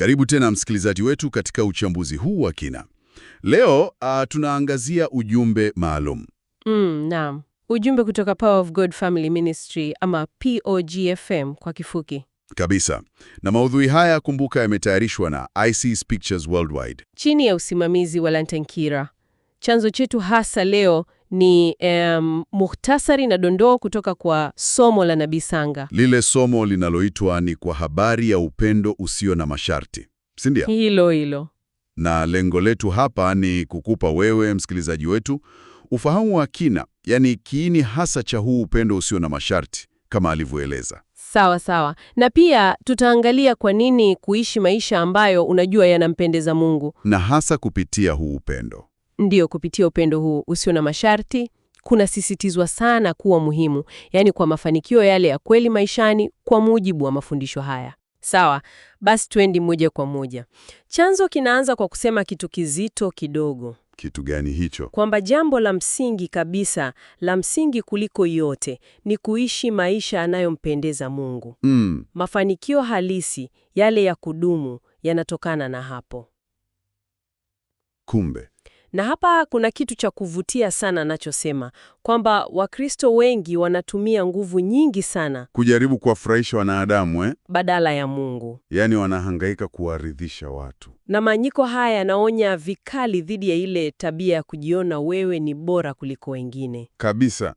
Karibu tena msikilizaji wetu katika uchambuzi huu wa kina. Leo uh, tunaangazia ujumbe maalum mm, naam, ujumbe kutoka Power of God Family Ministry ama POGFM kwa kifupi kabisa. Na maudhui haya kumbuka, yametayarishwa na IC's Pictures Worldwide chini ya usimamizi wa Lantenkira. Chanzo chetu hasa leo ni um, muhtasari na dondoo kutoka kwa somo la Nabii Sanga, lile somo linaloitwa ni kwa habari ya upendo usio na masharti, si ndio? Hilo hilo. Na lengo letu hapa ni kukupa wewe msikilizaji wetu ufahamu wa kina, yani kiini hasa cha huu upendo usio na masharti kama alivyoeleza. Sawa sawa, na pia tutaangalia kwa nini kuishi maisha ambayo unajua yanampendeza Mungu, na hasa kupitia huu upendo. Ndiyo, kupitia upendo huu usio na masharti kunasisitizwa sana kuwa muhimu, yaani kwa mafanikio yale ya kweli maishani kwa mujibu wa mafundisho haya. Sawa, basi twendi moja kwa moja. Chanzo kinaanza kwa kusema kitu kizito kidogo. Kitu gani hicho? Kwamba jambo la msingi kabisa, la msingi kuliko yote, ni kuishi maisha yanayompendeza Mungu. Mm. Mafanikio halisi, yale ya kudumu, yanatokana na hapo. Kumbe na hapa kuna kitu cha kuvutia sana anachosema kwamba Wakristo wengi wanatumia nguvu nyingi sana kujaribu kuwafurahisha wanadamu eh, badala ya Mungu. Yaani wanahangaika kuwaridhisha watu, na maanyiko haya yanaonya vikali dhidi ya ile tabia ya kujiona wewe ni bora kuliko wengine kabisa.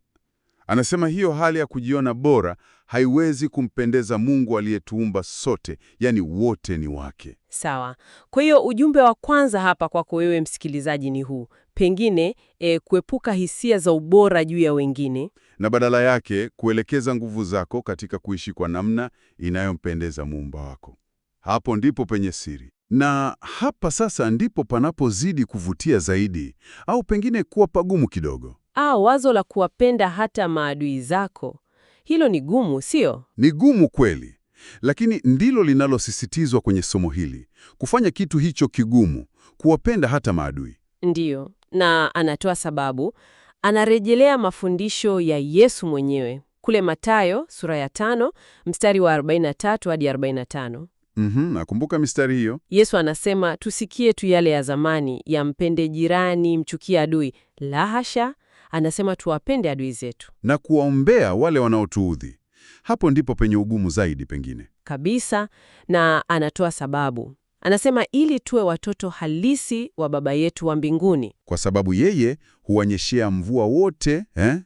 Anasema hiyo hali ya kujiona bora haiwezi kumpendeza Mungu aliyetuumba sote, yani wote ni wake. Sawa. Kwa hiyo ujumbe wa kwanza hapa kwako wewe msikilizaji ni huu, pengine e, kuepuka hisia za ubora juu ya wengine na badala yake kuelekeza nguvu zako katika kuishi kwa namna inayompendeza muumba wako. Hapo ndipo penye siri na hapa sasa ndipo panapozidi kuvutia zaidi, au pengine kuwa pagumu kidogo au wazo la kuwapenda hata maadui zako. Hilo ni gumu, sio? Ni gumu kweli, lakini ndilo linalosisitizwa kwenye somo hili, kufanya kitu hicho kigumu, kuwapenda hata maadui. Ndiyo, na anatoa sababu. Anarejelea mafundisho ya Yesu mwenyewe kule Mathayo sura ya tano mstari wa 43 hadi 45. mm nakumbuka mistari hiyo. Yesu anasema tusikie tu yale ya zamani, yampende jirani, mchukie adui. La hasha, anasema tuwapende adui zetu na kuwaombea wale wanaotuudhi. Hapo ndipo penye ugumu zaidi pengine kabisa, na anatoa sababu. Anasema ili tuwe watoto halisi wa Baba yetu wa mbinguni, kwa sababu yeye huwanyeshea mvua wote eh?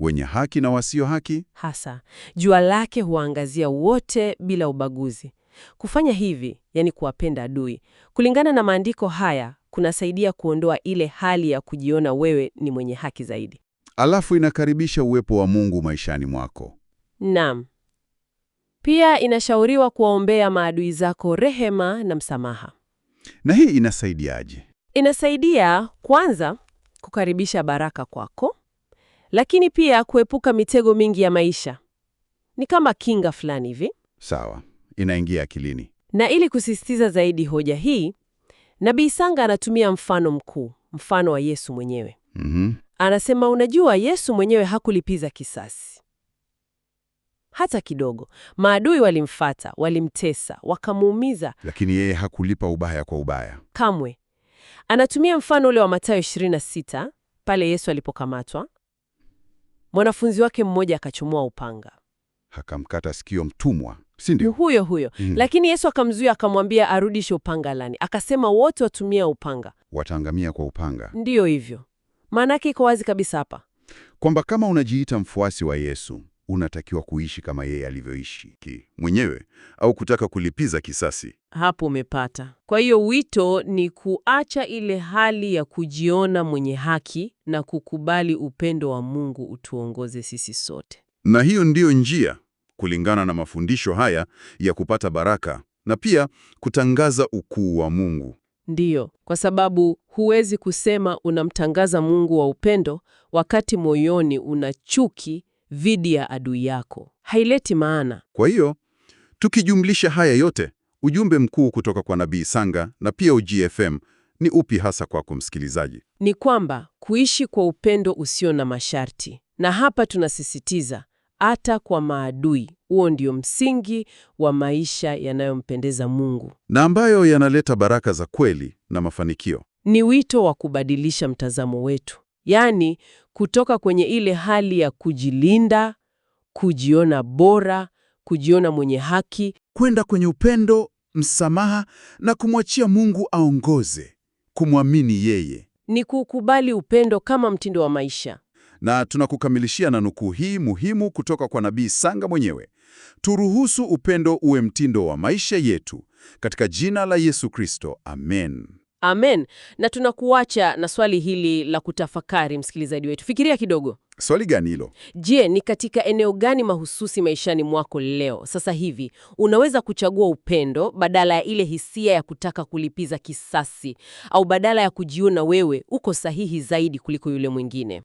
wenye haki na wasio haki, hasa jua lake huwaangazia wote bila ubaguzi. Kufanya hivi, yani kuwapenda adui, kulingana na maandiko haya kunasaidia kuondoa ile hali ya kujiona wewe ni mwenye haki zaidi. Alafu inakaribisha uwepo wa Mungu maishani mwako. Naam. Pia inashauriwa kuwaombea maadui zako rehema na msamaha. Na hii inasaidiaje? Inasaidia kwanza kukaribisha baraka kwako, lakini pia kuepuka mitego mingi ya maisha. Ni kama kinga fulani hivi. Sawa, inaingia akilini. Na ili kusisitiza zaidi hoja hii, nabii Sanga anatumia mfano mkuu, mfano wa Yesu mwenyewe. Mm -hmm. Anasema unajua, Yesu mwenyewe hakulipiza kisasi hata kidogo. Maadui walimfata, walimtesa, wakamuumiza, lakini yeye hakulipa ubaya kwa ubaya kamwe. Anatumia mfano ule wa Mathayo 26 pale Yesu alipokamatwa, mwanafunzi wake mmoja akachomoa upanga akamkata sikio mtumwa, si ndio? Huyo huyo mm. Lakini Yesu akamzuia akamwambia arudishe upanga lani, akasema wote watumia upanga wataangamia kwa upanga. Ndiyo hivyo, maanake iko wazi kabisa hapa kwamba kama unajiita mfuasi wa Yesu unatakiwa kuishi kama yeye alivyoishi mwenyewe au kutaka kulipiza kisasi. Hapo umepata. Kwa hiyo wito ni kuacha ile hali ya kujiona mwenye haki na kukubali upendo wa Mungu utuongoze sisi sote. Na hiyo ndiyo njia, kulingana na mafundisho haya, ya kupata baraka na pia kutangaza ukuu wa Mungu. Ndiyo, kwa sababu huwezi kusema unamtangaza Mungu wa upendo wakati moyoni una chuki dhidi ya adui yako. Haileti maana. Kwa hiyo tukijumlisha haya yote, ujumbe mkuu kutoka kwa Nabii Sanga na pia UGFM ni upi hasa kwako msikilizaji? Ni kwamba kuishi kwa upendo usio na masharti, na hapa tunasisitiza hata kwa maadui. Huo ndio msingi wa maisha yanayompendeza Mungu na ambayo yanaleta baraka za kweli na mafanikio. Ni wito wa kubadilisha mtazamo wetu, yaani kutoka kwenye ile hali ya kujilinda, kujiona bora, kujiona mwenye haki, kwenda kwenye upendo, msamaha na kumwachia Mungu aongoze, kumwamini yeye. Ni kukubali upendo kama mtindo wa maisha na tunakukamilishia na nukuu hii muhimu kutoka kwa Nabii Sanga mwenyewe: turuhusu upendo uwe mtindo wa maisha yetu katika jina la Yesu Kristo, amen. Amen. Na tunakuacha na swali hili la kutafakari, msikilizaji wetu. Fikiria kidogo. Swali gani hilo? Je, ni katika eneo gani mahususi maishani mwako leo sasa hivi unaweza kuchagua upendo badala ya ile hisia ya kutaka kulipiza kisasi, au badala ya kujiona wewe uko sahihi zaidi kuliko yule mwingine?